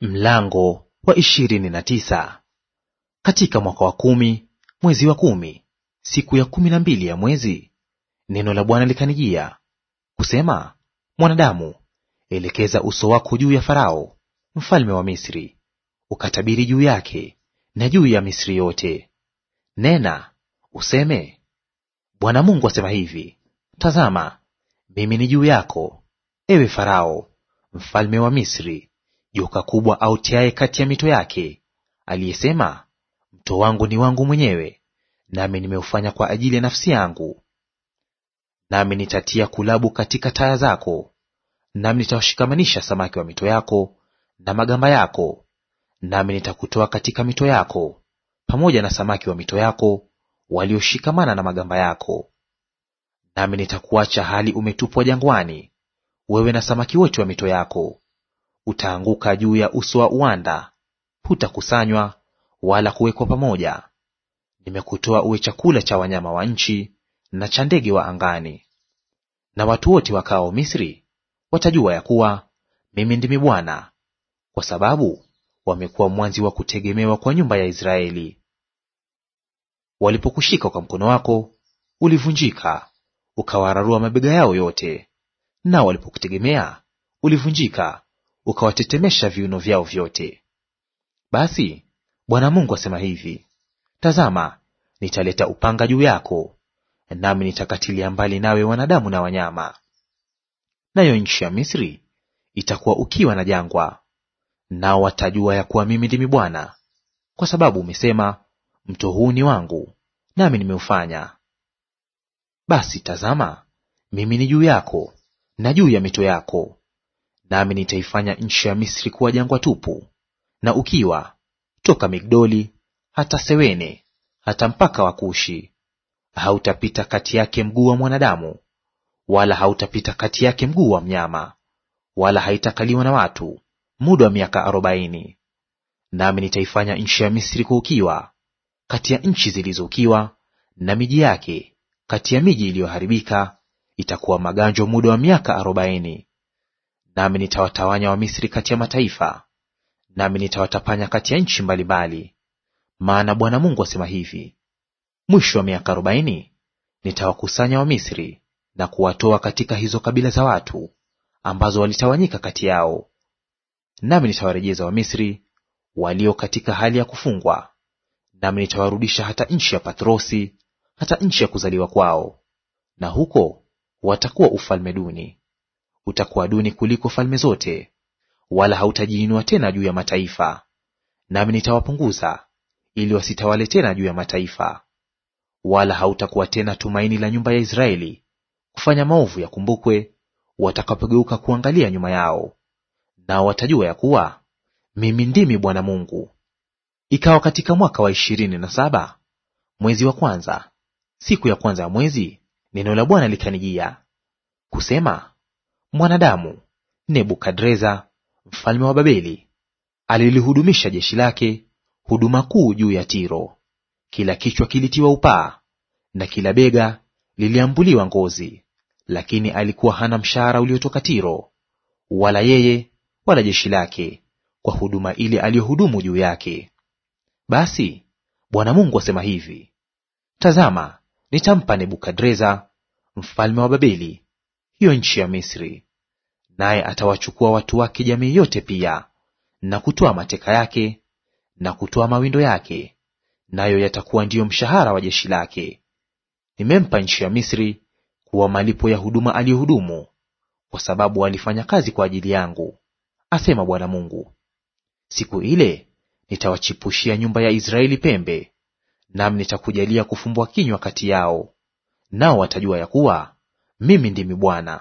Mlango wa ishirini na tisa. Katika mwaka wa kumi mwezi wa kumi siku ya kumi na mbili ya mwezi, neno la Bwana likanijia kusema, mwanadamu, elekeza uso wako juu ya Farao mfalme wa Misri, ukatabiri juu yake na juu ya Misri yote. Nena useme, Bwana Mungu asema hivi, tazama, mimi ni juu yako, ewe Farao mfalme wa Misri joka kubwa autiaye kati ya mito yake, aliyesema, mto wangu ni wangu mwenyewe, nami nimeufanya kwa ajili ya nafsi yangu. Nami nitatia kulabu katika taya zako, nami nitawashikamanisha samaki wa mito yako na magamba yako, nami nitakutoa katika mito yako pamoja na samaki wa mito yako walioshikamana na magamba yako. Nami nitakuacha hali umetupwa jangwani, wewe na samaki wote wa mito yako, utaanguka juu ya uso wa uwanda, hutakusanywa wala kuwekwa pamoja. Nimekutoa uwe chakula cha wanyama wa nchi na cha ndege wa angani. Na watu wote wakao Misri watajua ya kuwa mimi ndimi Bwana, kwa sababu wamekuwa mwanzi wa kutegemewa kwa nyumba ya Israeli. Walipokushika kwa mkono wako, ulivunjika ukawararua mabega yao yote, nao walipokutegemea ulivunjika ukawatetemesha viuno vyao vyote. Basi Bwana Mungu asema hivi, tazama, nitaleta upanga juu yako, nami nitakatilia mbali nawe wanadamu na wanyama. Nayo nchi ya Misri itakuwa ukiwa na jangwa, nao watajua ya kuwa mimi ndimi Bwana, kwa sababu umesema, mto huu ni wangu, nami nimeufanya. Basi tazama, mimi ni juu yako na juu ya mito yako, Nami nitaifanya nchi ya Misri kuwa jangwa tupu na ukiwa, toka Migdoli hata Sewene, hata mpaka wa Kushi. Hautapita kati yake mguu wa mwanadamu, wala hautapita kati yake mguu wa mnyama, wala haitakaliwa na watu muda wa miaka arobaini. Nami nitaifanya nchi ya Misri kwa ukiwa kati ya nchi zilizoukiwa, na miji yake kati ya miji iliyoharibika itakuwa maganjo muda wa miaka arobaini. Nami nitawatawanya Wamisri kati ya mataifa, nami nitawatapanya kati ya nchi mbalimbali. Maana Bwana Mungu asema hivi: mwisho wa miaka arobaini nitawakusanya Wamisri na kuwatoa katika hizo kabila za watu ambazo walitawanyika kati yao, nami nitawarejeza Wamisri walio katika hali ya kufungwa, nami nitawarudisha hata nchi ya Patrosi, hata nchi ya kuzaliwa kwao, na huko watakuwa ufalme duni utakuwa duni kuliko falme zote, wala hautajiinua tena juu ya mataifa. Nami nitawapunguza ili wasitawale tena juu ya mataifa, wala hautakuwa tena tumaini la nyumba ya Israeli kufanya maovu yakumbukwe, watakapogeuka kuangalia nyuma yao, nao watajua ya kuwa mimi ndimi Bwana Mungu. Ikawa katika mwaka wa ishirini na saba mwezi wa kwanza, siku ya kwanza ya mwezi, neno la Bwana likanijia kusema, mwanadamu, Nebukadreza mfalme wa Babeli alilihudumisha jeshi lake huduma kuu juu ya Tiro. Kila kichwa kilitiwa upaa na kila bega liliambuliwa ngozi, lakini alikuwa hana mshahara uliotoka Tiro, wala yeye wala jeshi lake, kwa huduma ile aliyohudumu juu yake. Basi Bwana Mungu asema hivi: Tazama, nitampa Nebukadreza mfalme wa Babeli hiyo nchi ya Misri, naye atawachukua watu wake jamii yote pia, na kutoa mateka yake na kutoa mawindo yake, nayo yatakuwa ndiyo mshahara wa jeshi lake. Nimempa nchi ya Misri kuwa malipo ya huduma aliyohudumu, kwa sababu alifanya kazi kwa ajili yangu, asema Bwana Mungu. Siku ile nitawachipushia nyumba ya Israeli pembe, nami nitakujalia kufumbwa kinywa kati yao, nao watajua ya kuwa mimi ndimi Bwana